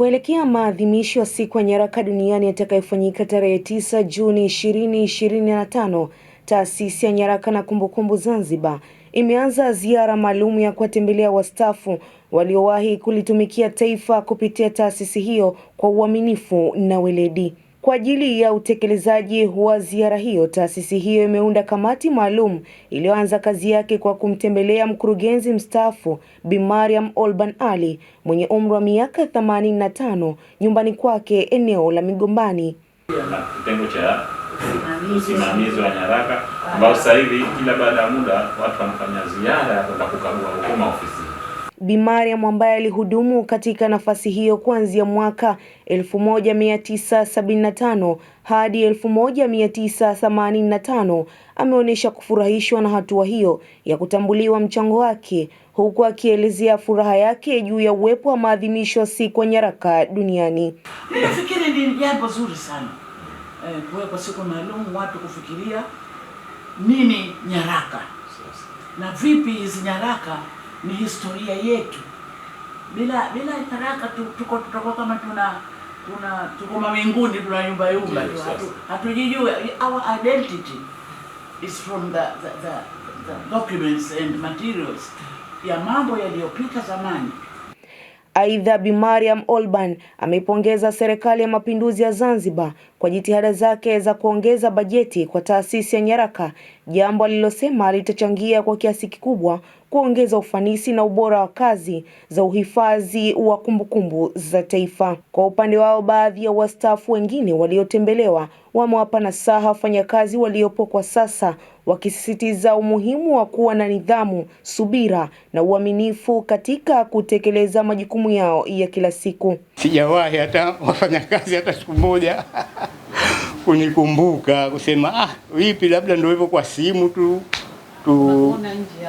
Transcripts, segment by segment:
Kuelekea maadhimisho ya siku ya nyaraka duniani yatakayofanyika tarehe 9 Juni 2025, taasisi ya nyaraka na kumbukumbu Zanzibar imeanza ziara maalum ya kuwatembelea wastaafu waliowahi kulitumikia taifa kupitia taasisi hiyo kwa uaminifu na weledi. Kwa ajili ya utekelezaji wa ziara hiyo, taasisi hiyo imeunda kamati maalum iliyoanza kazi yake kwa kumtembelea mkurugenzi mstaafu Bi Mariam Olban Ali mwenye umri wa miaka 85 nyumbani kwake eneo la Migombani na kitengo cha usimamizi wa nyaraka ambao sasa hivi kila baada ya muda watu wanafanya ziara ya kwenda kukagua hukuma ofisi Bi Mariam ambaye alihudumu katika nafasi hiyo kuanzia mwaka 1975 hadi 1985 ameonyesha kufurahishwa na hatua hiyo ya kutambuliwa mchango wake huku akielezea furaha yake juu ya uwepo wa maadhimisho siku ya nyaraka duniani. Nafikiri ni jambo zuri sana eh, kuwekwa siku maalum watu kufikiria nini nyaraka na vipi hizi nyaraka ni historia yetu. Bila bila haraka tuko tutakuwa kama tuna tuna tuko mawinguni, tuna yumba yumba tu, hatujijui. Our identity is from the the, the, the documents and materials ya mambo yaliyopita zamani. Aidha, Bi Mariam Olban ameipongeza Serikali ya Mapinduzi ya Zanzibar kwa jitihada zake za kuongeza bajeti kwa Taasisi ya Nyaraka jambo alilosema litachangia kwa kiasi kikubwa kuongeza ufanisi na ubora wa kazi za uhifadhi wa kumbukumbu za Taifa. Kwa upande wao, baadhi ya wastaafu wengine waliotembelewa wamewapa nasaha wafanyakazi waliopo kwa sasa, wakisisitiza umuhimu wa kuwa na nidhamu, subira na uaminifu katika kutekeleza majukumu yao ya kila siku. Sijawahi hata wafanyakazi hata siku moja kunikumbuka kusema ah, vipi, labda ndio hivyo kwa simu tu tu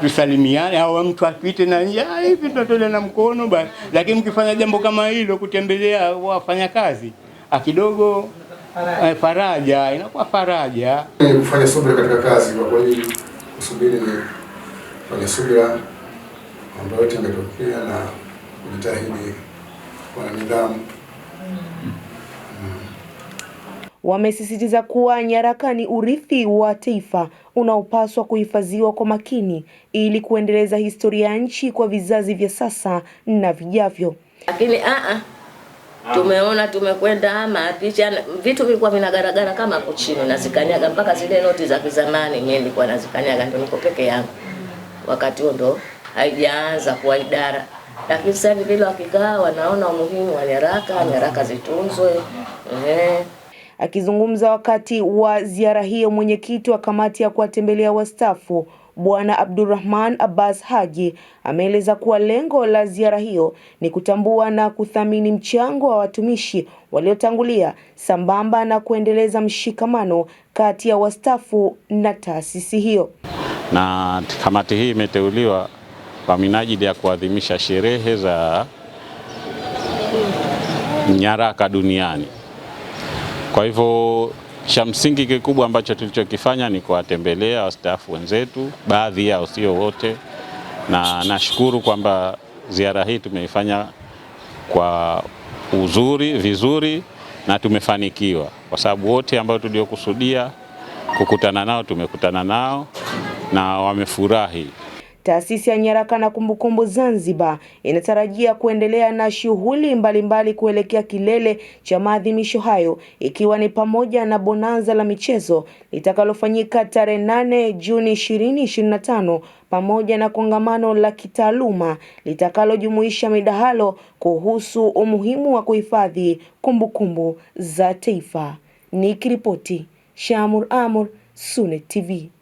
tusalimiane au mtu apite na nje ah, hivi tutatolea na mkono basi. Lakini mkifanya jambo kama hilo, kutembelea wafanya kazi ah, kidogo, eh, faraja inakuwa faraja. kufanya subira katika kazi, kwa kweli kusubiri ni kufanya subira ambayo yote yametokea na kujitahidi kwa nidhamu. Mm. Mm wamesisitiza kuwa nyaraka ni urithi wa taifa unaopaswa kuhifadhiwa kwa makini ili kuendeleza historia ya nchi kwa vizazi vya sasa na vijavyo. Lakini a ah, a, ah, tumeona tumekwenda, ama ah, picha vitu vilikuwa vinagaragara kama hapo chini, nazikanyaga mpaka zile noti za kizamani, mimi nilikuwa nazikanyaga, ndio niko peke yangu wakati huo, ndo haijaanza kuwa idara lakini sasa hivi vile wakikaa wanaona umuhimu wa nyaraka, nyaraka zitunzwe. Ehe. Akizungumza wakati wa ziara hiyo, mwenyekiti wa kamati ya kuwatembelea wastaafu Bwana abdurahman Abbas Haji ameeleza kuwa lengo la ziara hiyo ni kutambua na kuthamini mchango wa watumishi waliotangulia sambamba na kuendeleza mshikamano kati ya wastaafu na taasisi hiyo. Na kamati hii imeteuliwa kwa minajili ya kuadhimisha sherehe za nyaraka duniani. Kwa hivyo cha msingi kikubwa ambacho tulichokifanya ni kuwatembelea wastaafu wenzetu, baadhi yao, sio wote, na nashukuru kwamba ziara hii tumeifanya kwa uzuri vizuri na tumefanikiwa, kwa sababu wote ambao tuliokusudia kukutana nao tumekutana nao na wamefurahi. Taasisi ya Nyaraka na Kumbukumbu Zanzibar inatarajia kuendelea na shughuli mbalimbali kuelekea kilele cha maadhimisho hayo ikiwa ni pamoja na bonanza la michezo litakalofanyika tarehe 8 Juni 2025 pamoja na kongamano la kitaaluma litakalojumuisha midahalo kuhusu umuhimu wa kuhifadhi kumbukumbu za taifa. Nikiripoti Shamur Amur, Sunet TV.